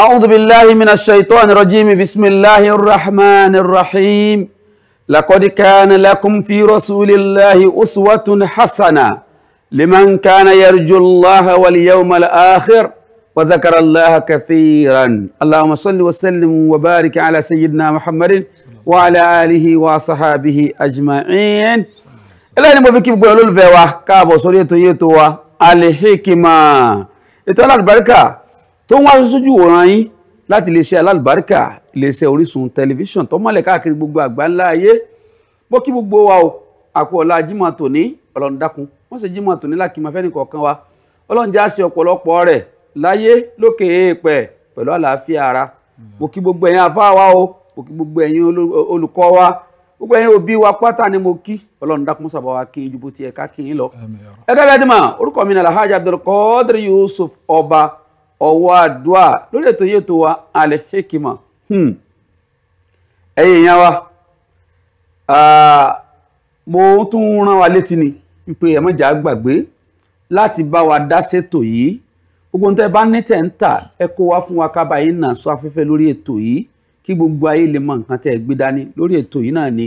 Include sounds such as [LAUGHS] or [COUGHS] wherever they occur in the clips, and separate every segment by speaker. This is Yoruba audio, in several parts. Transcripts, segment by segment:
Speaker 1: أعوذ بالله من الشيطان الرجيم بسم الله الرحمن الرحيم لقد كان لكم في رسول الله أسوة حسنة لمن كان يرجو الله واليوم الآخر وذكر الله كثيرا اللهم صل وسلم وبارك على سيدنا محمد وعلى آله وصحابه أجمعين eléyìí أن يبقى في gbogbo olólùfẹ́ wa káàbọ̀ sórí ètò yìí tó ń wá sójú wòran yín láti iléeṣẹ́ alálùbáríkà iléeṣẹ́ Orísun tẹlifíṣàn tó mọ́lẹ̀ káàkiri gbogbo àgbáńlá ayé bó kí gbogbo wa o àkú ọ̀la jímọ̀ tòní ọlọ́run dákun wọ́n sì jímọ̀ tòní lákìmọ̀ fẹ́ni kọ̀ọ̀kan wa ọlọ́run já sí ọ̀pọ̀lọpọ̀ rẹ̀ láyé lókè èèpẹ̀ pẹ̀lú àlàáfíà ara mo kí gbogbo ẹ̀yin afá o mo kí gbogbo ẹ̀yin olùkọ́ wa gbogbo ẹ̀yin òbí wa pátá ni mo kí ọlọ́run dákun sábà wa kí ju bó ti ẹ̀ka kí yín lọ. ẹgbẹ́ bẹ́ẹ̀ ti mọ̀ orúkọ mi ni Alhaji Abdulkadir Yusuf ọba ọwọ́ àdúà lórí ètò yìí tó wa alhikima hmm. ẹ̀yin èèyàn wa mo tún rán wa létí ni wípé ẹ gbàgbé láti bá wa dá ṣètò yìí gbogbo ohun tẹ́ bá ní tẹ̀ ń tà ẹ kó wá fún wa kábà yìí náà sọ afẹ́fẹ́ lórí ètò yìí kí gbogbo ayé lè mọ nǹkan tẹ́ ẹ gbé dání lórí ètò yìí náà ni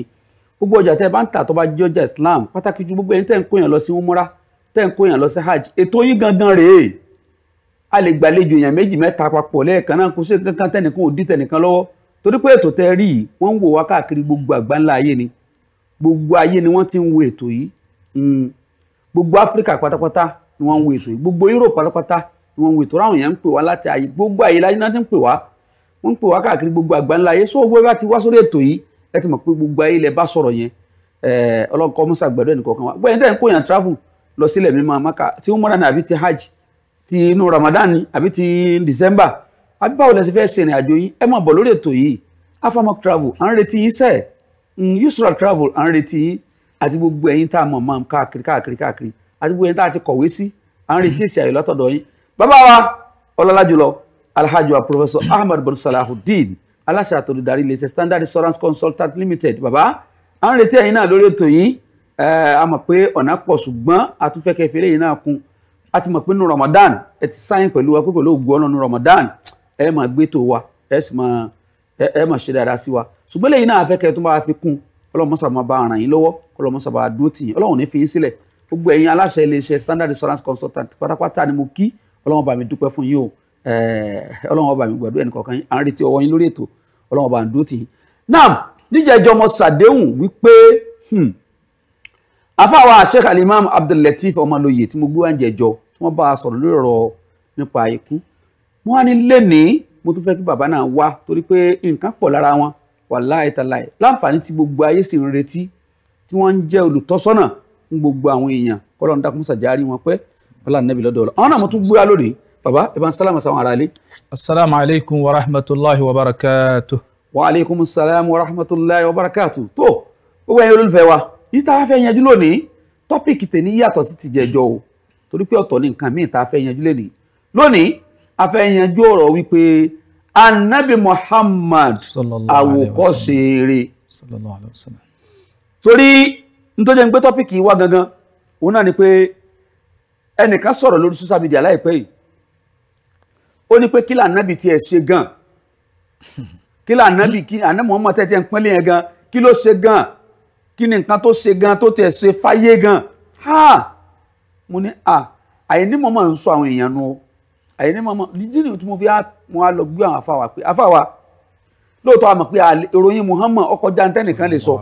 Speaker 1: gbogbo ọjà tẹ́ bá ń tà tó bá jẹ́ ọjà Islam pàtàkì ju gbogbo ẹni tẹ́ ń kóyàn lọ sí umura tẹ́ ń kóyàn lọ sí hajj ètò yìí gangan rèé a lè gbàlejò èèyàn méjì mẹ́ta papọ̀ lẹ́ẹ̀kan náà kò sí kankan tẹnìkan ò dí tẹnìkan lọ́wọ́ torí pé ètò tẹ rí yìí wọ́n ń wò wá káàkiri gbogbo àgbáńlá ayé ni gbogbo ayé ni wọ́n ti ń wo ètò yìí hmm. gbogbo áfíríkà pátápátá ni wọ́n ń wo ètò yìí gbogbo europe pátápátá ni wọ́n ń wo ètò ráwọn èèyàn ń pè wá láti ayé gbogbo ayé láyé náà ti ń pè wá wọ́n ń pè wá káàkiri gbogbo àgbáńlá ayé sọ owó bá ti wá sórí ètò yìí ẹ ti mọ̀ pé gbogbo ayé lẹ bá sọ̀rọ̀ yẹn eh, ọlọ́nkọ́ musa gbẹ̀dọ̀ ẹnìkọ̀ọ̀kan wa gbẹ̀yìn tẹ̀ ń kóyàn travel lọ sílẹ̀ mímọ́ àmọ́ka tí ó mọ́ra nàbí ti hajj ti inú Ramadan ni àbí ti December àbí báwo lẹ ṣe fẹ́ ṣe ìrìn àjò yín ẹ máa bọ̀ lórí ètò yìí afamok travel à ń retí yín sẹ́ẹ̀ mm, usra travel à ń retí yín àti gbogbo ẹ̀yin tá a mọ̀ máa káàkiri káàkiri káàkiri àti gbogbo ẹ̀yin tá a ti kọ̀wé sí à ń retí ìṣàyè látọ̀dọ̀ yín bàbá wa ọlọ́lá jùlọ alhaji wa professor ahmed bin salahudeen aláṣẹ àtòlùdarí iléeṣẹ́ standard insurance consultant limited bàbá à ń retí ẹ̀yin náà lórí ètò yìí a mọ̀ pé ọ̀nà pọ̀ ṣùgbọ́n a tún fẹ́ kẹ́ fẹ́lẹ́ yìí náà kún a ti mọ̀ pé nínú Ramadan ẹ ti sáyìn pẹ̀lú wa pé pẹ̀lú ògùn ọ̀nà nínú Ramadan ẹ máa gbé tó wa ẹ sì máa ẹ máa ṣe dáadáa sí wa ṣùgbọ́n lẹ́yìn náà afẹ́kẹ́ tó bá fi kún Ọlọ́run mọ́sà máa bá ara yín lọ́wọ́ Ọlọ́run mọ́sà dúró tì yín Ọlọ́run ní fi yín sílẹ̀ gbogbo ẹ̀yin aláṣẹ iléeṣẹ́ Standard Insurance Consultant pátápátá ni mo kí Ọlọ́run bá mi dúpẹ́ fún yín o Ọlọ́run ọba mi gbàdúrà ẹnìkọ̀ọ̀kan yín à ń retí ọwọ́ yín lórí ètò Ọlọ́run ọba ń dúró tì yín. náà níjẹ̀jọ́ hmm, Abdul Lateef Ọmọlóye tí mo gbé wá tí wọ́n bá a sọ̀rọ̀ lórí ọ̀rọ̀ nípa ikú wọ́n á ní lénìí mo tún fẹ́ kí bàbá náà wá torí pé nǹkan pọ̀ lára wọn wàláhì tàláhì láǹfààní tí gbogbo ayé sì ń retí tí wọ́n ń jẹ́ olùtọ́sọ́nà fún gbogbo àwọn èèyàn kọ́lọ́ dákun sàjárí wọn pé ọlá nàbí lọ́dọ̀ ọ̀la àwọn mo tún gbéra lónìí bàbá ìbá ń sálàmù sáwọn aráalé. asalaamu alaykum wa rahmatulahi wa barakatu. wa aleykum salaam wa rahmatulahi wa barakatu. tó gbogbo ẹ̀yin olólùfẹ́ wa yìí tá a fẹ́ yanjú lónìí tọ́pìkì tèmi yàtọ̀ sí torí pé ọ̀tọ̀ ni nǹkan míì tá a fẹ́ yanjú lónìí lónìí a fẹ́ yanjú ọ̀rọ̀ wípé anabi muhammad àwòkọ́ṣe rẹ̀ torí nítorí pé tọ́pìkì wá gangan òun náà ni pé ẹnìkan sọ̀rọ̀ lórí social media láìpẹ́ yìí ó ní pé kí lànàbì tiẹ̀ ṣe gan kí lànàbì kí ànàbì muhammad tẹ́tẹ́ ń pínlẹ̀ yẹn gan kí ló ṣe gan kí ni nǹkan tó ṣe gan tó tiẹ̀ ṣe fáyé gan ha mo ní à àyè ní mọ̀mọ́ ń sọ àwọn èèyàn nu o àyè ní mọ̀mọ́ dídínì tí mo fi mo á lọ gbé àwọn afáwà pé afáwà lóòótọ́ àmọ̀ pé ìròyìn Muhammad ọkọ̀ jantẹ́nìkan lè sọ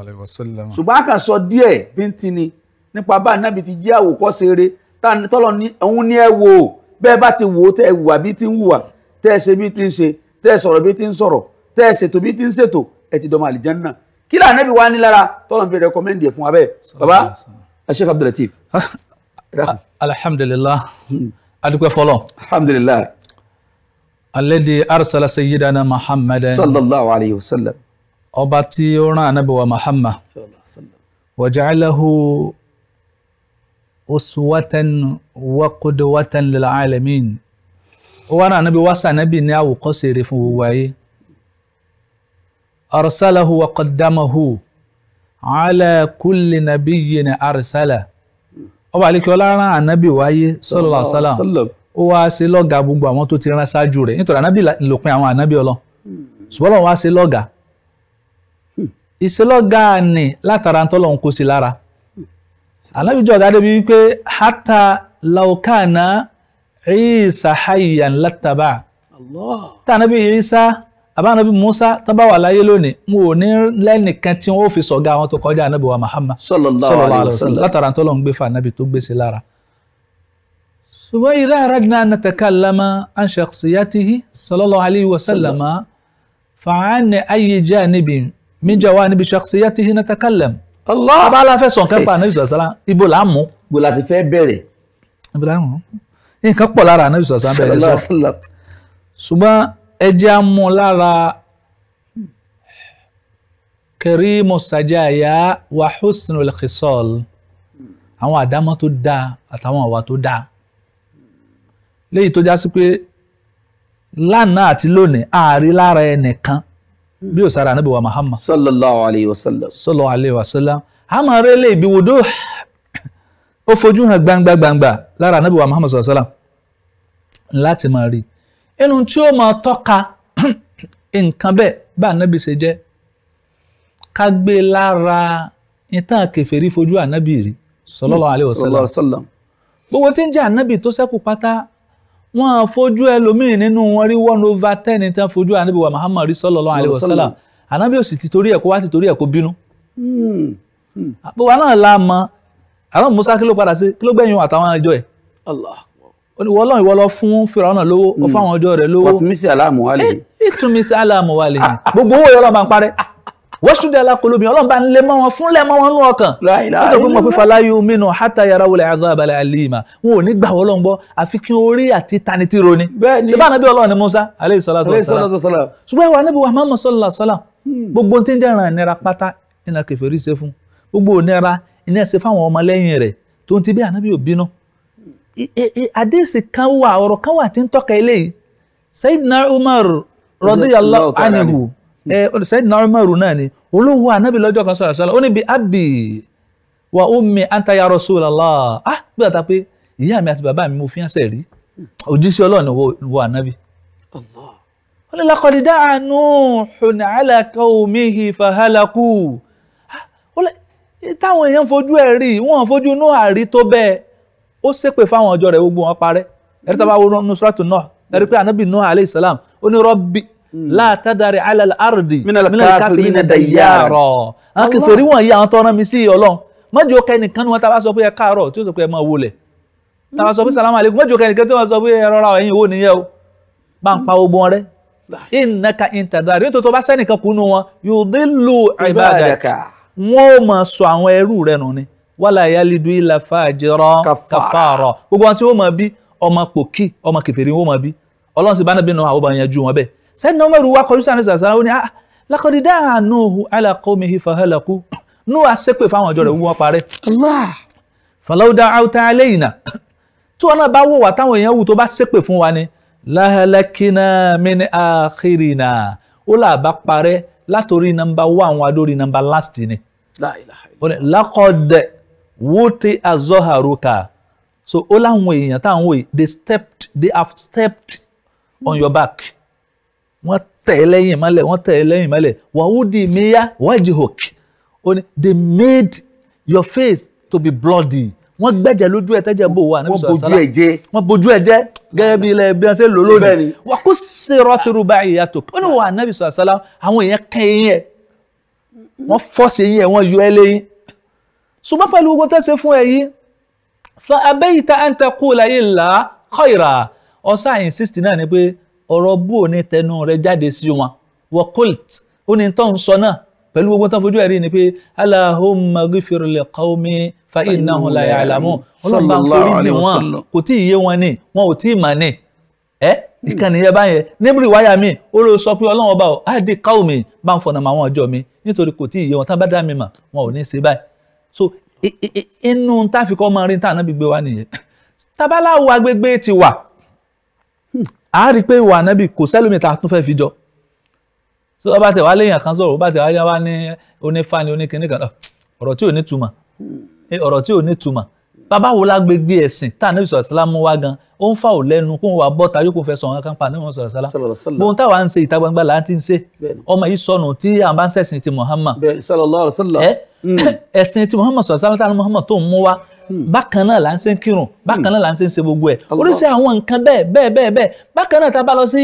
Speaker 1: ṣùgbọ́n a kàn sọ díẹ̀ bí ń tini nípa bá nábì ti jẹ́ àwòkọ́ṣe eré tọ́lọ́ ní òun ní ẹ wò ó bẹ́ẹ̀ bá ti wò ó tẹ́ ẹ wùwà bí ti ń wùwà tẹ́ ẹ ṣe bí ti ń ṣe tẹ́ ẹ sọ̀rọ̀ bí ti ń sọ̀rọ̀ tẹ́ ẹ ṣètò bí ti ń ṣètò ẹ ti dọmọ àlìjànnà kí lànà bí wàá ní lára tọ́lọ́ fi rẹ̀kọ́mẹ́ndì ẹ̀ fún wa bẹ́ẹ̀ baba Sheikh Abdulateef. [LAUGHS]
Speaker 2: الحمد لله الحمد لله الذي ارسل سيدنا محمد صلى
Speaker 1: الله عليه وسلم
Speaker 2: وباتيونا نبي محمد وجعله اسوه وقدوه للعالمين وانا نبي واسع نبي ناو قصير في ارسله وقدمه على كل نبي ارسله ọba àlekíọ́lá rán ànábì wáyé sallallahu alaihi wasallam ó wá ṣe lọ́gà gbogbo àwọn tó ti rán ṣáájú rẹ̀ nítorí ànábì lòpin àwọn ànábì ọlọ́ hmm. ṣùgbọ́n wọ́n wá ṣe lọ́gà hmm. ìṣelọ́gà ni látara ntọ́lọ́hún kó sí lára ànábì jọ̀gá débi wípé hátà laukana Isa hayyan láttaba tá ànábì Isa abánabi musa tábàwà láyé lónìí n ò ní lẹ́nìkan tí wọ́n fi sọ̀gá àwọn tó kọjá anabi wa muhammad sallallahu alayhi wa sallam látara tó lọ́n gbé fa anabi tó gbèsè lára. ṣùgbọ́n idha aradna an natakallama an shakhsiyatihi sallallahu alayhi wa sallam fa'an ayyi janibin min jawanibi shakhsiyatihi natakallam. Allah abala fẹ́ sọ̀n kẹ́pà anabi sallallahu alayhi wa sallam ibo la mú. ibo la ti fẹ́ bẹ̀rẹ̀. ibo la mú nǹkan pọ̀ lára anabi sallallahu alayhi bẹ̀rẹ̀ ẹ jẹ́ á mú lára kẹrìmù sàjáyà wà husnul khisal àwọn àdámọ́ tó dáa àtàwọn àwa tó dáa léyìí tó já sí pé lánàá àti lónìí ààrí lára ẹnìkan bí òsàrà ànábì wa Muhammad sallallahu alayhi wa sallam sallallahu alayhi wa sallam a máa rí ilé ìbí wòdó ó fojú hàn gbangba gbangba lára ànábì wa Muhammad láti máa rí i inú tí ó máa tọ́ka [CLEARS THROAT] nǹkan bẹ́ẹ̀ bá ànábì ṣe jẹ́ ká gbé lára ìtàn kèfèrí fojú ànábì rí sallallahu alaihi wasallam gbogbo tí ń jẹ́ ànábì tó ṣẹ́kù pátá wọ́n á fojú ẹlòmíì nínú wọn rí one over ten tán fojú ànábì wa Muhammad rí sallallahu alaihi wasallam ànábì ò sì ti torí ẹ̀ kó wá ti torí ẹ̀ kó bínú. Hmm, hmm. gbogbo àná la mọ àwọn Musa kí ló padà sí kí ló gbẹ̀yìn àtàwọn ẹjọ́ ẹ̀. Allah wọ́n lọ́n ìwọ́ lọ fún fìrànà lówó ọ hmm. fáwọn ọjọ́ rẹ̀ lówó. wàtúmísì aláàmù wálé. Eh, ìtúmísì aláàmù wálé gbogbo owó yọlọ́ máa ń parẹ́ ah, wọ́n ṣúdẹ̀ alákòlómi ọlọ́run bá ń lé mọ́ wọn fún lẹ́ mọ́ wọn nú ọkàn. ó dẹ̀ pé mo fi falayu mínú hátà yàrá wọlé àgọ́ abalẹ̀ alima wọn ò ní gbà wọ́n lọ́ngbọ́ àfi kí orí àti tanití roni. bẹ́ẹ̀ni ṣùgbọ́n àdéhìsì kan wà ọ̀rọ̀ kan wà tí ń tọ́ka eléyìí Sayyidina Umar radiyallahu anhu eh, Sayyidina Umar náà ni olówó anábì lọ́jọ́ kan sọ̀rọ̀ sọ́la ó ní bi abi wa ummi anta ya Rasulallah ah gbé ọ̀tá pé ìyá mi àti bàbá mi mo fi hàn sẹ́ẹ̀rí òjíṣẹ́ Ọlọ́run wọ anábì. ó ní laqad da'a Nuhun ala qawmihi fahalaku ah, táwọn èèyàn fojú ẹ̀ rí wọn fojú Nuhu àrí tó bẹ́ẹ̀ ó ṣépè fáwọn ọjọ́ rẹ̀ gbogbo wọn parẹ́ mm-hmm. ẹ̀rí tá a bá wo nusratu Nuh ẹ̀rí pé anabi Nuh alayhi salam ó ní rọ́bì látàdárí alal ardi mílẹ̀ káfíìn náà dayyara àwọn kẹfẹ́rí wọ̀nyí àwọn tó rán mi sí ọlọ́run mọ́jọ́ kẹ́nìkan ni wọ́n tá sọ pé ẹ káàárọ̀ tí ó sọ pé ẹ máa wọlẹ̀ tá sọ pé salamu aleykum mọ́jọ́ kẹ́nìkan tí wọ́n sọ pé ẹ rọra ẹ̀yin owó nìyẹn o bá ń pa gbogbo wọn rẹ́ ìnaka mm-hmm. ìntàdárì nítorí tó bá sẹ́nìkan kúnú wọn yudillu ibadaka wọn ò mọ̀ sọ àwọn ẹrú rẹ nù ni wàlá yalidu ilà fàjẹrọ kàfàrọ gbogbo wọn tí wọ́n máa bí ọmọ pòkì ọmọ kẹfẹrin wọ́n máa bí Ọlọ́run sì bá nàbí nù àwọn ọba yẹn ju wọn bẹ́ẹ̀ sẹni ọmọ ìrù wa kọjú sànni sàṣà ó ní ah lakọdí dáhà nùhù alákọọmihì fàhálàkù nù àṣepè fáwọn ọjọ́ rẹ̀ wú wọn parẹ́. fàlọ́dà áwùtá aléyìnà tí wọn náà bá wò wá táwọn èèyàn wù tó bá ṣépè fún wa ni láhàlákínà mẹni àkìrìnà ó là bá parẹ́ látòrí nọ́mbà wá àwọn adórí nọ́mbà last ni. lákọ̀dẹ̀ wúti azọ́hàrúkà so ó láwọn èèyàn táwọn wòye they stepped they have stepped on your back wọ́n tẹ̀ ẹ́ lẹ́yìn mọ́lẹ̀ wọ́n tẹ̀ ẹ́ lẹ́yìn mọ́lẹ̀ wàhúdì miya wajihok ó they made your face to be bloody wọ́n gbẹ̀jẹ̀ lójú ẹ̀ tẹ́jẹ̀ bò wà níbi sọ̀rọ̀ sálà wọ́n bojú ẹ̀ jẹ́ gẹ́gẹ́ bí ilẹ̀ bí wọ́n ṣe lò lónìí wọ́n kó sèrò tóró báyìí yàtọ̀ ó ní wà níbi sọ̀rọ̀ sálà àwọn èèyàn kẹ́ ẹ̀yìn ẹ̀ wọ́n fọ́ sí ẹ̀yìn ẹ̀ wọ́n yọ ẹ́ lẹ́yìn ṣùgbọ́n pẹ̀lú gbogbo tẹ́sẹ̀ fún ẹ yìí fa abayta an taqula illa khayra ọ̀sán insist náà ni pé ọ̀rọ̀ bú ò ní tẹnu rẹ jáde sí wọn wa qult ó ní tó ń sọ náà pẹ̀lú gbogbo tó fojú ẹ̀rí ni pé Allahumma ghfir li qawmi fa innahum la ya'lamun ọlọ́ba foríjì wọn kò tí ì yé wọn ni wọn ò tí ì mà ni ẹ́ ìkànnì yẹn báyẹn níbi ìwáyà mi ó ló sọ pé ọlọ́wọ́n bá ọ á di qawmi bá ń fọ̀nà màwọn ọjọ́ mi nítorí kò tí ì yé wọn tá bá dá mi mà wọn ò ní í ṣe báyìí so inú táfikọ́ máa rí tànà gbígbé wa nìyẹn tabaláwo agbègbè ti wà á hmm. rí i pé ìwà ànábì kò sẹ́lómi tún fẹ́ fi jọ so ọba tẹ̀ wá léèyàn kan sọ̀rọ̀ ọba tẹ̀ wá yá wá ní onífàní oníkìnnìkan ọ̀rọ̀ tí ò ní túmọ̀ hmm. ọ̀rọ̀ tí ò ní túmọ̀ bàbá wo lágbègbè ẹ̀sìn tá ànábì sọ̀rọ̀ sálámù wá gan ó ń fà ó lẹ́nu kó ń wá bọ́ta yóò kó fẹ́ sọ̀rọ̀ kan pa ànábì sọ̀rọ̀ sálámù gbóhùn táwa ń ṣe ìta gbangba là á ti ń ṣe ọmọ yìí sọnù tí à ń bá ń ṣẹ̀sìn ti Muhammad hmm. [COUGHS] ẹ̀sìn ti Muhammad sọ̀rọ̀ sálámù táwọn Muhammad tó ń mú wá hmm. bákan náà là ń ṣe ń kírun hmm. bákan náà là ń ṣe ń ṣe gbogbo ẹ̀ oríṣi àwọn nǹkan bẹ́ẹ̀ bẹ́ẹ̀ bẹ́ẹ̀ bákan náà tá bá lọ sí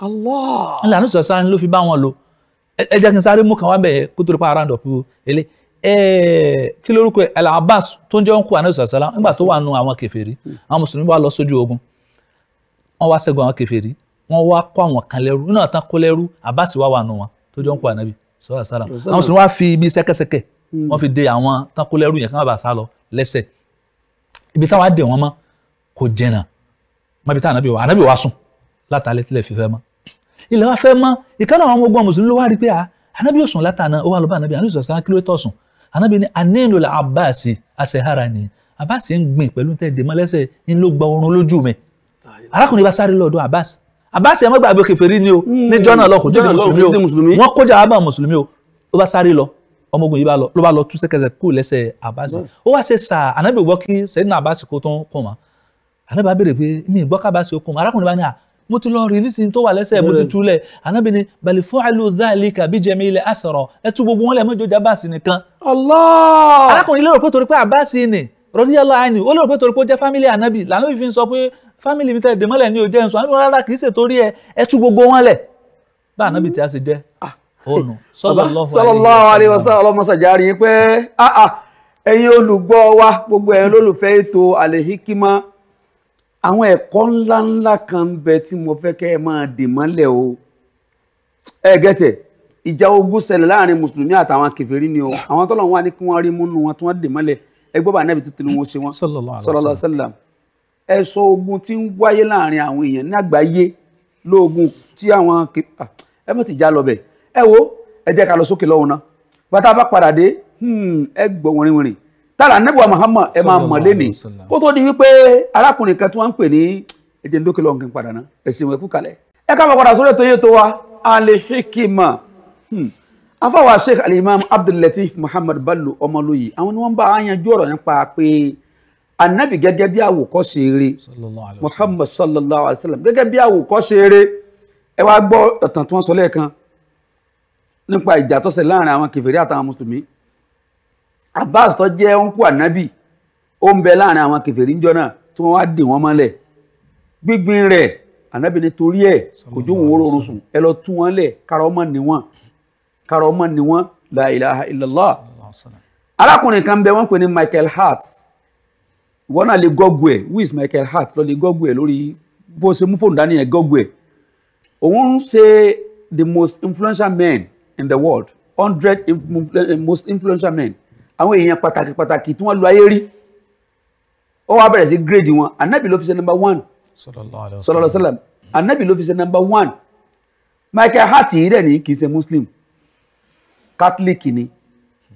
Speaker 1: Allah.
Speaker 2: ńlá ní sọ̀rọ̀ sáré ló fi bá wọn lò ẹ jẹ́ kí n sáré mú kan wá bẹ̀ kó tó rí pa around up ilé kí lórúkọ ẹ̀ là Abbas tó ń jẹ́ òǹkù àná sọ̀rọ̀ sáré nígbà tó wà nù àwọn kèfèrí àwọn mùsùlùmí wà lọ sójú ogun wọ́n wá ṣẹ́gun àwọn kèfèrí wọ́n wá kó àwọn kan lẹ́rú náà tán kó lẹ́rú Abbas wà wà nù wọn tó jẹ́ òǹkù ànábì sọ̀rọ̀ sáré ibi hmm. táwa dè wọ́n mọ́ kò jẹ̀nà mọ́bi tá ànábì wà ànábì wà sùn látàlẹ́ tilẹ̀ fífẹ́ mọ́ ilẹ̀ wa fẹ́ mọ́ ìkànnì àwọn ọmọ ogun mùsùlùmí ló wá rí pé ànábì ò sùn látàná ó wà lọ́ba ànábì ànábì sọ̀rọ̀ sáà kí ló tọ̀ sùn ànábì ní anílò la abáàsì àṣehara ni abáàsì ń gbìn pẹ̀lú tẹ́ dè mọ́lẹ́sẹ̀ ń ló gba oorun lójú mi arákùnrin bá sáré lọ́dọ̀ abáàsì abáàsì ẹ̀ mọ́gbàgbé kèfèrí ni o ní jọ́nà lọ kò jẹ́ mùsùlùmí o wọ́n kójà wá bá mùsùlùmí o ó bá sáré lọ ọmọ ogun yìí bá lọ ló bá lọ tú kó mo ti lọ rìlísì tó wà lẹ́sẹ̀ mo ti túlẹ̀ anábì ni bali fa'alu dhalika bi jamil asra ẹ tú gbogbo wọn lẹ̀ mọ́jọ́ jẹ́ abáàsì nìkan. Allah alákùnrin lérò pé torí pé abáàsì ni radiyallahu anhu ó lérò pé torí pé ó jẹ́ fámìlì anábì lànà òfin sọ pé fámìlì mi tẹ̀ dè mọ́lẹ̀ ni ò jẹ́ nsọ anábì
Speaker 1: rárá kì í ṣe torí ẹ ẹ tú gbogbo wọn lẹ̀ bá anábì tí a ṣe jẹ́
Speaker 2: ònu ah. sallallahu
Speaker 1: àwọn ẹ̀kọ́ ńláńlá kan ń bẹ tí mo fẹ́ kẹ́ ẹ máa dè mọ́lẹ̀ o ẹ gẹ́tẹ̀ ìjà ogun ṣẹlẹ̀ láàrin mùsùlùmí àtàwọn kèfèrí ni o àwọn tọ́lọ̀ wà ní kí wọ́n rí múnú wọn tí wọ́n dè mọ́lẹ̀ ẹ gbọ́ bá nẹ́bi tuntun ni wọ́n ṣe wọ́n sọlọ́lá sẹ́lẹ̀m ẹ sọ ogun tí ń wáyé láàrin àwọn èèyàn ní àgbáyé lóògùn tí àwọn ẹ mọ̀ ti já lọ bẹ̀ ẹ wo ẹ jẹ́ ká lọ sókè lọ́wọ́ náà bàtà bá padà dé hmm, ẹ gbọ́ wọ́nrin wọ́nrin tára nẹ́bùwà Muhammad ẹ máa mọ̀ lé ní kó tó di wípé arákùnrin kan tí wọ́n ń pè ní ẹ̀jẹ̀ ń dókè lọ́nkì padà ná ẹ̀sìn ìwẹ̀kú kalẹ̀ ẹ ká padà sórí ètò yẹtò wa alihikima afáwà hmm. sheikh alimam abdullatif muhammad bello ọmọlóyè àwọn ni wọ́n bá yanjú ọ̀rọ̀ nípa pé anabi gẹ́gẹ́ bí àwòkọ́ṣe eré muhammad sallallahu alayhi wa sallam gẹ́gẹ́ bí àwòkọ́ṣe eré ẹ wá gbọ́ ọ̀tàn tí wọ́n sọ lẹ́ẹ̀kan nípa ìjà tó ṣe láàrin àwọn kèfèrí àtàwọn mùsùlùmí Abbas tó jẹ́ òǹkù ànábì ó ń bẹ láàrin àwọn kèfèrí ńjọ náà tí wọ́n wá dè wọ́n mọ́lẹ̀ gbígbin rẹ̀ ànábì ní torí ẹ̀ òjò wọn oorun sùn ẹ lọ tú wọn lẹ̀ kára ọmọ ni wọn kára ọmọ ni wọn la arákùnrin kan bẹ wọ́n pè ní Michael Hart ìwọ náà lè gọ́gù ẹ̀ who is Michael Hart lọ lè gọ́gù ẹ̀ lórí bó ṣe mú fóònù dání ẹ̀ gọ́gù ẹ̀ òun ń ṣe the most influential men in the world hundred most influential men àwọn èèyàn pàtàkì pàtàkì tí wọ́n lu ayé rí ó wá bẹ̀rẹ̀ sí gírèdì wọn anábì ló fi ṣe number one
Speaker 2: sallallahu
Speaker 1: sallam anábì ló fi ṣe number one Michael Hart yìí dẹ̀ ní kì ṣe muslim catholic ni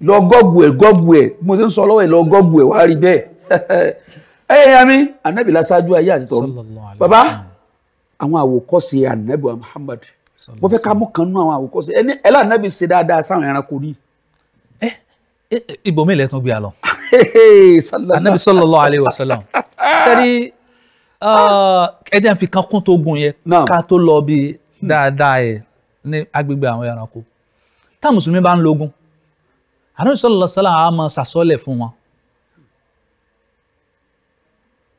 Speaker 1: lọ gọ́gù ẹ̀ gọ́gù ẹ̀ mo ṣe ń sọ lọ́wọ́ ẹ̀ lọ gọ́gù ẹ̀ wá rí bẹ́ẹ̀ [LAUGHS] ẹ̀yìn àmì anábì lásáájú ayé àti tọ̀run bàbá àwọn àwòkọ́ṣe anábì Muhammad mo fẹ́ ká mú kan nú àwọn àwòkọ́ṣe ẹni ẹlẹ́ anábì ṣe dáadáa sáwọn ẹranko rí
Speaker 2: Eh, eh, ibòmí ilẹ̀ tún gbé a lọ anabi sallallahu alayhi wa sallam sẹ́ni ẹ̀jẹ̀ ń fi kan kún tó gun yẹn ká tó lọ bí dáadáa yẹ ní agbègbè àwọn ẹranko tá mùsùlùmí bá ń lógun anabi sallallahu alayhi wa sallam a máa sàsọ́lẹ̀ fún wọn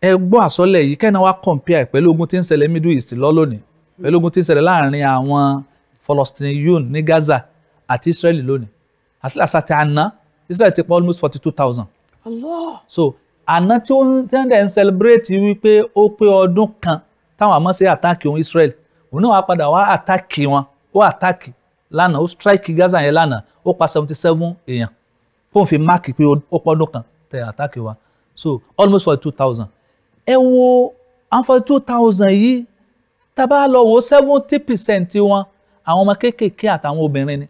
Speaker 2: ẹ gbọ́ àsọ́lẹ̀ yìí kẹ́ni wá compare pẹ̀lú ogun tí ń ṣẹlẹ̀ middle east lọ́lọ́ni pẹ̀lú ogun tí ń ṣẹlẹ̀ láàrin àwọn Palestine ní Gaza àti Israeli lónìí àti àsàtì àná Israel ti pa almost forty two thousand. Allah. so àná tí ó ń tẹ́ndẹ̀ ń celebrate wípé ó pé ọdún kan táwọn àmọ́ ṣe àtàkì òun Israel òun náà wá padà wá àtàkì wọn ó àtàkì lánàá ó strike Gaza yẹn lánàá ó pa seventy seven èèyàn kó n fi máàkì pé ó pọ́ ọdún kan tẹ àtàkì wa so almost forty two thousand ẹ wo forty two thousand yìí tá a bá lọ wo seventy percent wọn àwọn ọmọ kéékèèké àtàwọn obìnrin ni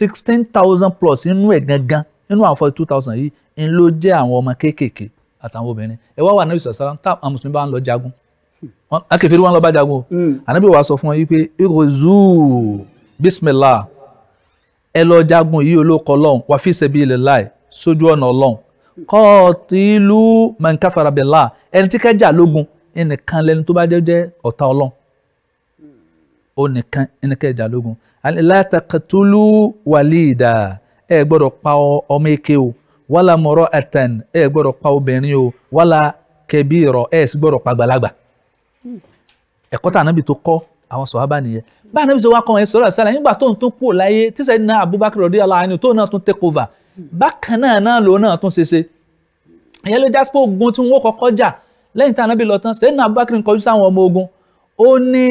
Speaker 2: sixteen thousand plus nínú ẹ̀ gangan nínú àwọn forty two thousand yìí ń ló jẹ́ àwọn ọmọ kéékèèké àtàwọn obìnrin ẹ wá wà níbi sọ̀sán tá àwọn mùsùlùmí bá ń lọ jagun akẹ́fẹ́ wọn lọ bá jagun o hmm. ànábì wa sọ fún wọn yìí pé irozu bismillah ẹ lọ jagun yìí olóko ọlọ́run wà fi sabilillah sójú ọ̀nà ọlọ́run qatilu man kafara billah ẹni tí kẹjà lógun ẹnìkan lẹni tó bá jẹ́ ọ̀tá ọlọ́run onìkan ẹnìkan ẹja lógun látàkàtúlù wàlíìdà ẹ gbọ́dọ̀ pa ọmọ eke o wàlà mọ̀rọ̀ àtàn ẹ gbọ́dọ̀ pa obìnrin o wàlà kẹbí rọ ẹ sì gbọ́dọ̀ pa àgbàlagbà ẹ̀kọ́ tà nábì tó kọ́ àwọn sọ̀hábà nìyẹn bá ànábì sọ wá kọ́ ẹ̀ sọ̀rọ̀ àṣàlẹ̀ nígbà tó ń tún kúrò láyé tíṣẹ́ ní Abubakar rọ̀dí aláàánú tó náà tún take over bákan náà náà lòun náà tún ṣeṣe ìyẹn ló jásípò ogun tí wọ́n kọ́kọ́ jà lẹ́yìn tí ànábì lọ tán ṣẹ́yìn náà Abubakar ń kọjú sáwọn ọmọ ogun ó ní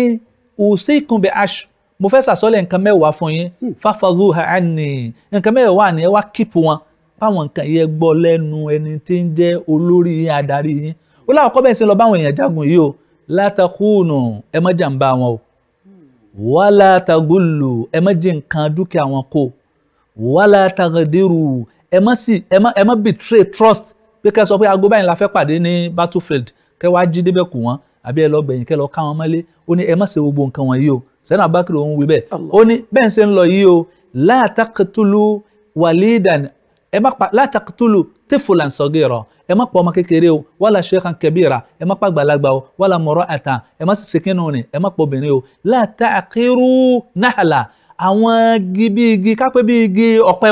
Speaker 2: usaykum bi ash mo fẹ́ sàsọ́lẹ̀ nǹkan mẹ́wàá fún yín hmm. fàfàlùhà àní nǹkan mẹ́wàá ni ẹ wá kíìpù wọn báwọn nǹkan yẹn gbọ́ lẹ́nu ẹni tí ń jẹ́ olórí yín adarí yín ó láwọn kọ́ bẹ́ẹ̀ sí lọ báwọn èèyàn jagun yìí o látàkùnù ẹ má jàǹbá wọn o wàhálà tàgùlù ẹ má jẹ nǹkan dúkìá wọn kó wàhálà tàgàdérù ẹ má sì ẹ má ẹ má betray trust pé kẹ́ sọ pé aago báyìí la fẹ́ pàdé ní battlefield kẹ́ wá jí débẹ̀ kù wọ́n àbí ẹ lọ gbẹ̀yìn kẹ́ lọ ká wọn mọ́lé ó ní ẹ má ṣe gbogbo nǹkan wọ̀nyí o sẹ́nà abákìrì òun wí bẹ́ẹ̀ ó ní bẹ́ẹ̀ ń ṣe ń lọ yìí o la taqtulu walidan ẹ má pa la taqtulu tiflan sagira ẹ má pa ọmọ kékeré o wala shaykhan kabira ẹ má pa gbàlagbà o wala mura'atan ẹ má ṣe kínú ni ẹ má pa obìnrin o la ta'qiru àwọn igi bí igi kápẹ́ bí igi ọ̀pẹ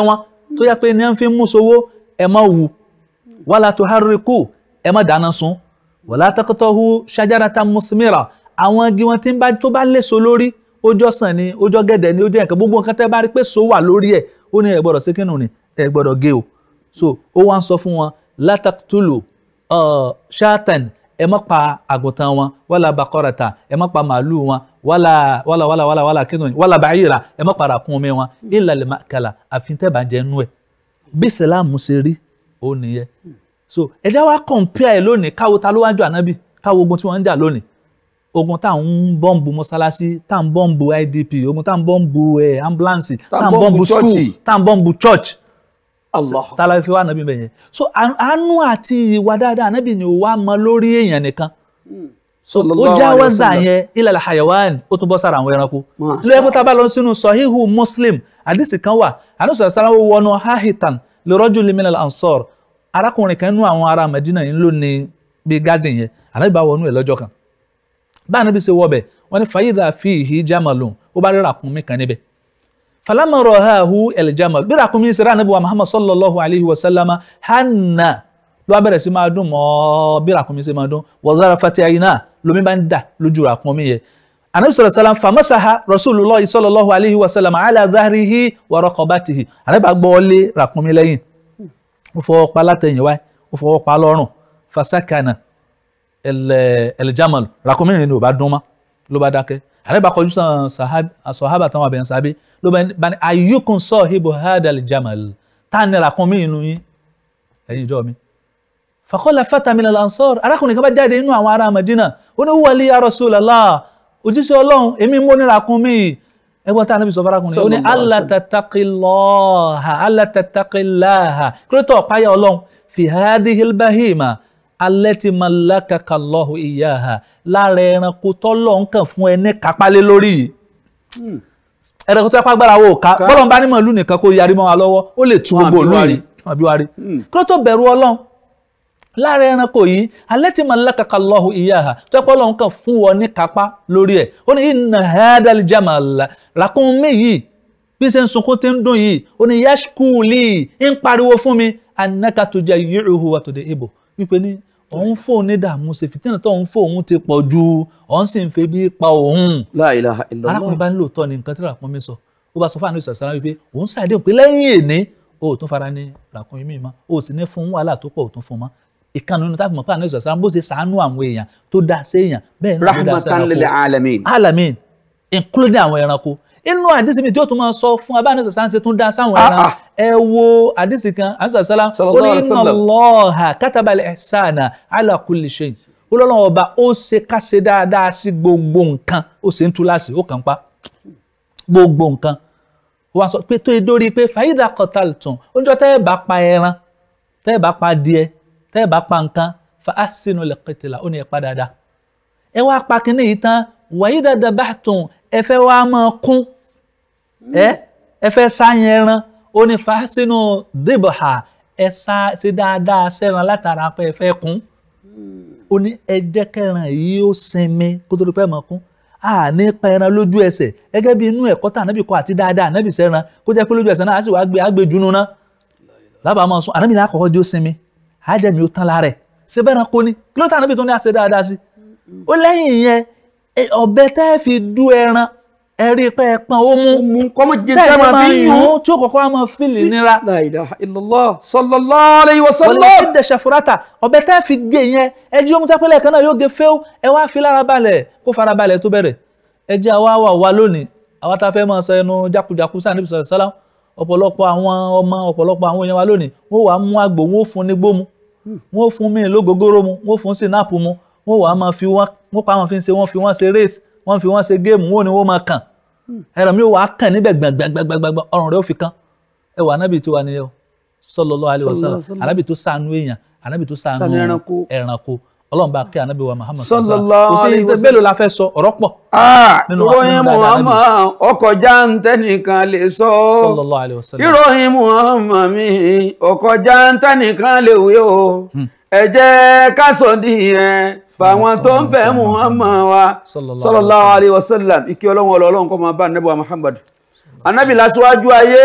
Speaker 2: wala taqtahu shajaratan musmira àwọn igi wọn tí ń bá tó bá léso lórí ọjọ́ sàn ni ọjọ́ gẹ̀dẹ̀ ni ó jẹ́ nǹkan gbogbo nǹkan tẹ́ bá rí pé so wà lórí ẹ̀ ó ní ẹ gbọ́dọ̀ ṣe kínú ni ẹ gbọ́dọ̀ gé o so ó wá ń sọ fún wọn la taqtulu shatan ẹ má pa àgùntàn wọn wala baqarata ẹ má pa màálù wọn wala wala wala wala kínú ni wala ba'ira ẹ má pa ràkúnmí wọn illa lil ma'kala àfi tẹ́ bá jẹ́ nú ẹ̀ bí sẹ́lámù ṣe rí ó nìyẹn so ẹ jẹ́ wá compare lónìí káwo ta ló wájú ànábì káwo ogun tí wọ́n ń jà lónìí ogun tá à ń bọ́ǹbù mọ́sálásí tá à ń bọ́ǹbù idp ogun tá à ń bọ́ǹbù ambulance tá à ń bọ́ǹbù school tá à ń bọ́ǹbù church tá la fi wá ànábì bẹ̀yẹn so àánú àti ìwà dáadáa ànábì ni ò wá mọ lórí èèyàn nìkan ó jáwọ́zà yẹn ilẹ̀ àyẹ̀wáàn ó tún bọ́ sára àwọn ẹranko lóye kó tá a bá lọ sínú sahihu muslim àdìsí kan wà àdìsí kan wà wọnú hahitan lirajul min al-ansar arákùnrin kan nú àwọn ará Medina yìí ló ní bíi garden yẹn ànábì bá wọnú ẹ̀ lọ́jọ́ kan bá ànábì ṣe wọbẹ̀ wọ́n ní fayida fihi jamalun ó bá rí ràkúnmí kan níbẹ̀ falama rọhahu eljamal bí ràkúnmí ṣe rí ànábì wa Muhammad sallallahu alayhi wa sallama hanna ló wá bẹ̀rẹ̀ sí máa dún mọ́ bí ràkúnmí ṣe máa dún wọ́zára fati ayiná lomi bá ń dà lójú ràkúnmí yẹn anabi sọlọ sàlám famasaha rasulillah sallallahu alayhi wa sallam ala zahrihi wa raqabatihi anabi agbọ́ọ́lé ràkúnmí lẹ́yìn ó fọwọ́ pa látẹ̀yìn wáyé ó fọwọ́ pa lọ́rùn fasakana ẹlẹjamalu ràkúnmí ni ò bá dún mọ́ ló bá dákẹ́ àrẹ́bà kọjú sàn sọ̀hábà táwọn abẹ́yẹn sábẹ́ ló bá ní ayukun sọ̀híbù hadal jamal táà ní ràkúnmí inú yín ẹ̀yin ìjọ mi fàkọ́lá fatamila lansọ́ọ̀rù arákùnrin kan bá jáde inú àwọn ará Madina ó ní wúwalí ya Rasulullah òjíṣẹ́ ọlọ́run èmi mú ní ràkúnmí ẹgbọ́n tá a níbi sọ fárákùnrin ó ní alátàtàkìláha alátàtàkìláha kírítọ̀ páyà ọlọ́run fi hadihil bahima alẹ́tì malakakalọ́hu ìyáha lára ẹranko tọ́lọ̀ ń kàn fún ẹ ní kápálẹ́ lórí yìí hmm. ẹranko tó yẹ pàgbára wo ká bọ́lọ̀ ń bá ní màálù nìkan kó yarí mọ́ wa lọ́wọ́ ó lè tu gbogbo olú yìí àbí hmm. bẹ̀rù ọlọ́run lára ẹranko yìí allati malakaka Allahu iyaha tó pọ́ lọ́hún kan fún ọ ní kápá lórí ẹ̀ ó ní inna hadal jamal ràkúnmí yìí bí ṣe ń sunkún tí ń dùn yìí ó ní yashkuli ń pariwo fún mi annaka tujayiruhu wa tudeibu wípé ní òun fóun ní dààmú ṣe fìtínà tó òun fóun ti pọ̀ ju òun sì ń fẹ́ bí pa òun. la ilaha illallah arákùnrin bá ń lò tọ́ ni nǹkan tí ìkànnì ní táfìmọ̀ fún àníṣe ọ̀sán bó ṣe sàánú àwọn èèyàn tó dá sí èèyàn bẹ́ẹ̀ ni ó dá sí ẹranko rahmatan lil alamin alamin including àwọn ẹranko inú àdìsí mi tí ó tún máa sọ fún abáníṣe ọ̀sán ṣe tún dá sáwọn ah, ẹran ah. ẹ wo àdìsí kan àníṣe ọ̀sán ó ní inna Allaha kataba al olólùwọ̀n ọba ó ṣe káṣe dáadáa sí gbogbo nǹkan ó ṣe ń tú láṣì ó kàn pa gbogbo nǹkan wọ́n sọ pé tó e dórí pé fàyídà kọtàlùtàn oúnjẹ tẹ́ ẹ bá pa nǹkan fa ahsinu al-qitla ó ní ẹ pa dáadáa ẹ wá pa kínní yìí tán wa idha dabahtum ẹ fẹ́ wá máa kún hmm. ẹ ẹ fẹ́ sáyẹn ẹran ó ní fa ahsinu dibha ẹ sá ṣe dáadáa sẹ́ran látara pé ẹ fẹ́ kún hmm. ó ní ẹ jẹ́ kẹran yìí ó sinmi kó tó di pé máa kún a ní pa lójú ẹsẹ̀ gẹ́gẹ́ bí inú ẹ̀kọ́ tá ànábì kọ́ àti dáadáa ànábì sẹ́ran kó jẹ́ pé lójú ẹsẹ̀ náà á sì wá gbé àgbéjúnú náà lábàámọ̀ sún ànábì náà kọ́kọ́ jó sinmi ájẹmí ó tán lára ẹ̀ ṣe bẹ́ẹ̀ náà kó ní kí ló tàbí tó ní àṣẹ dáadáa sí ó lẹ́yìn yẹn ọ̀bẹ tẹ́ ẹ fi dú ẹran ẹ̀rí pẹ́ ẹ pọ́n ó mú tẹ́lẹ̀ máa yún tí ó kọ́kọ́ á máa
Speaker 1: fìlì nira. la ilaha illallah sallallahu alaihi wasallam. wọ́n lè dẹ̀ ṣàfùrátà
Speaker 2: ọ̀bẹ tẹ́ fi gé yẹn ẹjí omi tápẹ́lẹ̀ kan náà yóò gé fẹ́ó ẹ wá fi lára balẹ̀ kó fara balẹ̀ tó bẹ̀rẹ̀ ẹ jẹ́ àwa wà wá lónìí àwa tá a fẹ́ máa sọ ẹnu jákujàku sáà níbi sọ̀rọ̀ sálá ọ̀pọ̀lọpọ̀ àwọn ọmọ ọ̀pọ̀lọpọ̀ àwọn èèyàn wa lónìí wọ́n wàá mú àgbò wọn fún ní gbómu wọ́n fún mi lógógóró mu wọ́n fún sinapu mu wọ́n wàá máa fi wọ́n wọ́n pa wọn fi ń ṣe wọ́n fi wọ́n ṣe race wọ́n fi wọ́n ṣe géèmù wọ́n ni wọ́n máa kàn ẹ̀rọ mi wàá kàn níbẹ̀ gbàngbàngbàngbàngbà ọrùn rẹ̀ ó fi kán ẹ wà anábì tó wà nìyẹn o sallallahu alaihi wasallam anábì tó ṣàánú èèyàn anábì tó ṣàánú ẹranko ọlọ́run bá kí anabi wa muhammad sallallahu alayhi wa sallam kò sí bẹ́ẹ̀ ló la
Speaker 1: fẹ́ sọ ọ̀rọ̀ pọ̀. Ah, ìròyìn muhammad ọkọ̀ jáǹtẹ́nìkan lè sọ ìròyìn muhammad mi ọkọ̀ jáǹtẹ́nìkan lè wí o hmm. ẹ jẹ́ ká sọ nìyẹn fàwọn tó ń fẹ́ muhammad wa sallallahu alayhi wa sallam ìkí ọlọ́run ọlọ́run kọ́ máa bá anabi wa muhammad anabi lásìwájú ayé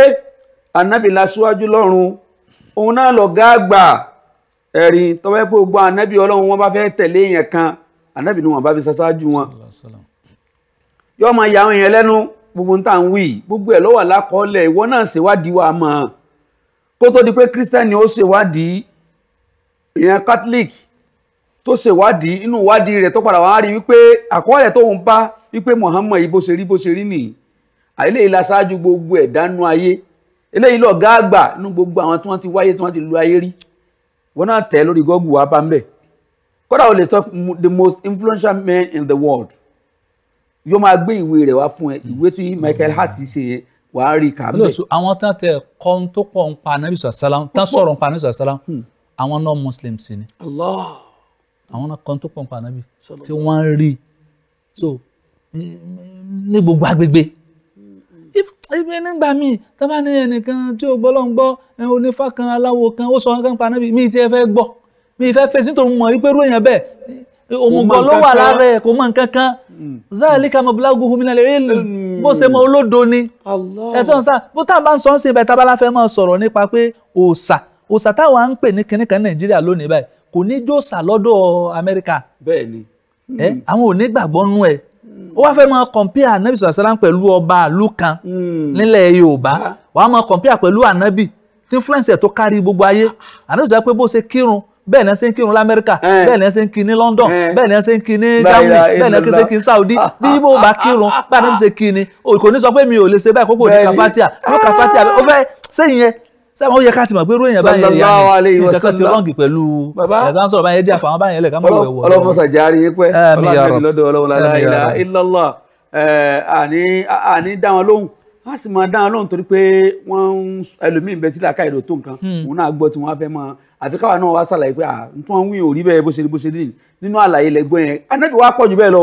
Speaker 1: anabi lásìwájú lọ́run òun náà lọ̀gá àgbà ẹ̀rí tọ́wọ́ pé gbogbo ànábì ọlọ́run wọn bá fẹ́ tẹ̀lé èèyàn kan ànábì ni wọn bá fi ṣaṣáájú wọn yóò máa yà àwọn èèyàn lẹ́nu gbogbo ń tà ń wí gbogbo ẹ̀ lọ́wọ́ lákọọ́lẹ̀ ìwọ náà ṣèwádìí wa mọ̀ kó tó di pé kírísítẹ́nì ó ṣèwádìí èèyàn catholic tó ṣèwádìí inú ìwádìí rẹ̀ tó padà wá rí wípé àkọọ́lẹ̀ tóun bá wípé Muhammad yìí bó ṣe rí bó ṣe rí nìyí àìléyìí la ṣáájú gbogbo ẹ̀dánú ayé eléyìí lọ̀gá àgbà inú gbogbo àwọn tí wọ́n ti wáyé tí wọ́n ti lu ayé rí wọn náà tẹ̀ lórí Google wá bá ń bẹ̀ kódà o lè sọ the most influential man in the world yóò máa gbé ìwé rẹ̀ wá fún ẹ ìwé tí Michael Hart ṣe yẹn wà á rí i kà á bẹ̀.
Speaker 2: àwọn tán tẹ kọ́ ń tó pọ̀ ń pa anabi sàlám tán sọ̀rọ̀ ń pa anabi sàlám hmm. àwọn náà muslims ni àwọn náà kọ́ ń tó pọ̀ ń pa anabi tí wọ́n rí so ní gbogbo agbègbè ibi nígbà míì tó bá ní ẹnìkan tí ó gbọ́ lọ́n gbọ́ onífá kan aláwo kan ó sọ nǹkan pa náà mi ti ẹ fẹ́ gbọ́ mi fẹ́ fèsì tó mọ̀ wípé rú èèyàn bẹ́ẹ̀ òmùgọ̀ ló wà lára ẹ̀ kò mọ̀ nǹkan kan hmm. zalika mablaguhu minal ilm bó ṣe mọ olódo ni ẹ̀tọ́ ń sá bó tá a bá ń sọ ń sìn bẹ́ẹ̀ tá a bá láfẹ́ máa sọ̀rọ̀ nípa pé òòṣà òòṣà táwa ń pè ní kìnnìkan nàìjíríà lónìí báyìí kò ní jóòṣà lọ́dọ̀ amẹ́ríkà bẹ́ẹ̀ ni àwọn ò ní gbàgbọ́ nú ẹ̀ ó wá fẹ́ máa compare ànábì sàlám pẹ̀lú ọba àlú kan hmm. nílẹ̀ yorùbá wàá máa compare pẹ̀lú ànábì tí influence ẹ̀ tó kárí gbogbo ayé ànábì sàlám pé bó ṣe kírun bẹ́ẹ̀ ni ẹ ṣe ń kírun lamẹ́ríkà eh. bẹ́ẹ̀ ni ẹ ṣe ń kí ní London eh. bẹ́ẹ̀ ni ẹ ṣe ń kí ní Germany bẹ́ẹ̀ ni ẹ ṣe ń kí ní Saudi [LAUGHS] bí ibo bá kírun bá a ní ṣe kí ni kò ní sọ pé mi ò lè ṣe báyìí kókò ní kàfátíà kó kàfátíà ó fẹ́ sẹ́yìn yẹn sẹ́wọ̀n ó yẹ ká ti mọ̀ pé irú báyẹn yẹn nǹkan kan ti rọ́ǹgì pẹ̀lú
Speaker 1: ẹ̀ka sọ̀rọ̀ báyẹn jẹ́ àfàwọn báyẹn lẹ̀ ká wẹ̀wọ̀. ọlọ́mọ sàjárì yé pẹ́ ọlọ́mọ lọ́dọ̀ ọlọ́mọ láìla ìlọ́lọ́ àní dá lóhùn a sì máa dá wọn lóhùn torí pé wọ́n ń ẹlòmíì ń bẹ tí làákà èrò tó nǹkan hmm. òun náà gbọ́ tí wọ́n fẹ́ mọ àfi náà wá sàlàyé pé tí wọ́n wíyàn orí bẹ́ẹ̀ bó ṣe rí bó ṣe rí nínú àlàyé lẹ́gbọ́n yẹn anábì wá pọ̀ jù bẹ́ẹ̀ lọ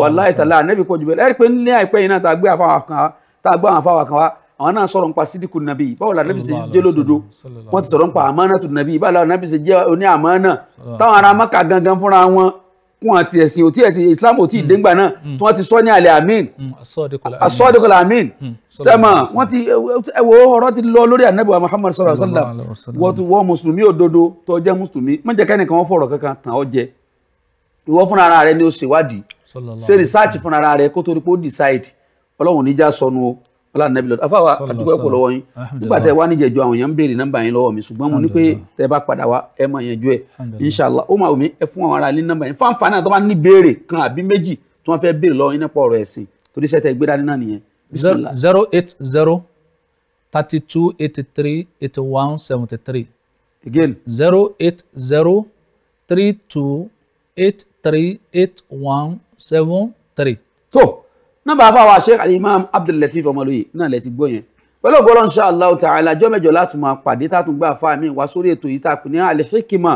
Speaker 1: wàláhì tàlá pọ̀ jù bẹ́ẹ̀ lọ ẹ̀rí pé ní àìpẹ́ yìí náà tá a gbé àwọn afáwà kan wá àwọn náà sọ̀rọ̀ nípa sídìkù nàbí báwo la nàbí ṣe jẹ́ lódodo wọ́n ti sọ̀rọ̀ nípa àmánà tó nàbí báwo la nàbí ṣe jẹ́ oní àmánà táwọn ará mọ́kà gangan fúnra wọn kún àti ẹ̀sìn òtí ẹ̀sìn islam òtí ìdéngbà náà mm. tí wọ́n ti sọ ní alẹ́ amin
Speaker 2: mm. asọ́dẹ́kọ̀lá amin sẹ́mà mm.
Speaker 1: wọ́n ti ẹ̀wọ̀ ọ̀rọ̀ ti lọ lórí ànábì wa muhammad sallallahu alaihi wasallam wọ́n ti wọ́n mùsùlùmí òdodo tó jẹ́ mùsùlùmí má jẹ́ kẹ́nìkan wọ́n fọ̀rọ̀ kankan tàn ọ́ jẹ ìwọ fúnra ara rẹ ni ó ṣèwádìí ṣe research fúnra ara rẹ kó torí pé ó decide ọlọ́run níjà sọnù o ọlá nàbí lọ́dọ̀ afáwa àdúgbò ẹ̀kọ́ lọ́wọ́ yín nígbà tẹ wá níjẹ̀jọ àwọn èèyàn ń béèrè nọ́mbà yín lọ́wọ́ mi ṣùgbọ́n mo ní pé tẹ bá padà wá ẹ máa yanjú ẹ inṣàlá ó máa wù mí ẹ fún àwọn ará ilé nọ́mbà yín fáǹfààní àti tó bá ní béèrè kan àbí méjì tí wọ́n fẹ́ béèrè lọ́wọ́ yín nípa ọ̀rọ̀ ẹ̀sìn torí sẹ́tẹ̀ gbé dání náà nìyẹn. zero eight zero
Speaker 2: thirty two eighty three eighty one seventy three. again. zero eight zero
Speaker 1: three two eight three eight one seven three. tó nọ́mbà afáwà sheikh Imam abdullatif ọmọlóye náà lẹ ti gbọ́ yẹn pẹ̀lú ọgọ́rọ̀ insha Allah ta'ala ọjọ́ mẹ́jọ láti máa pàdé tátún gbà fáà mi wá sórí ètò yìí tàpé ní alihikima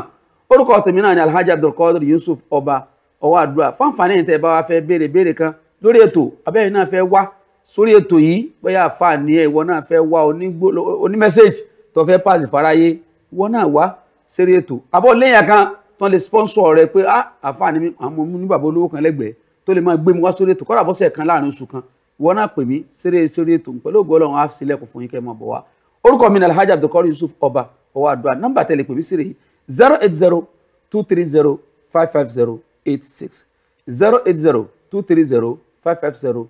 Speaker 1: orúkọ tèmi náà ni alhaji abdulkadir yusuf ọba ọwọ́ àdúrà fáǹfààní yìí tẹ́ bá wá fẹ́ béèrè béèrè kan lórí ètò abẹ́yìn náà fẹ́ wá sórí ètò yìí bóyá àfààní ẹ̀ ìwọ náà fẹ́ wá oní mẹ́sẹ̀gì tó fẹ́ pàṣẹ fáráyé ìwọ náà wá sórí ètò àbọ̀ lẹ́yìn kan tán lè sponsor rẹ pé ah àfààní mi àwọn ọmọ mi ní bàbá olówó kan lẹ́gbẹ̀ẹ́ tó lè máa gbé mi wá sórí ètò kọ́ra bọ́sẹ̀ kan láàrin oṣù kan ìwọ náà pè mí séré sórí ètò pẹ̀lú ògo Ọlọ́run á sílẹ̀kùn fún yín kẹ́ ẹ máa bọ̀ wá orúkọ mi ni Alhaji Abdulkadir Yusuf Ọba ọwọ́ àdúrà nọ́mbà tẹ̀lé pè mí sí rèé zero eight zero two three zero five five zero eight six zero eight zero two three zero five five zero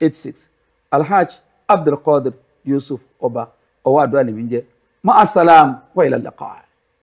Speaker 1: eight six Alhaji Abdulkadir Yusuf Ọba ọwọ́ àdúrà lèmi ń jẹ́ ma'asalam wa ilal liqa.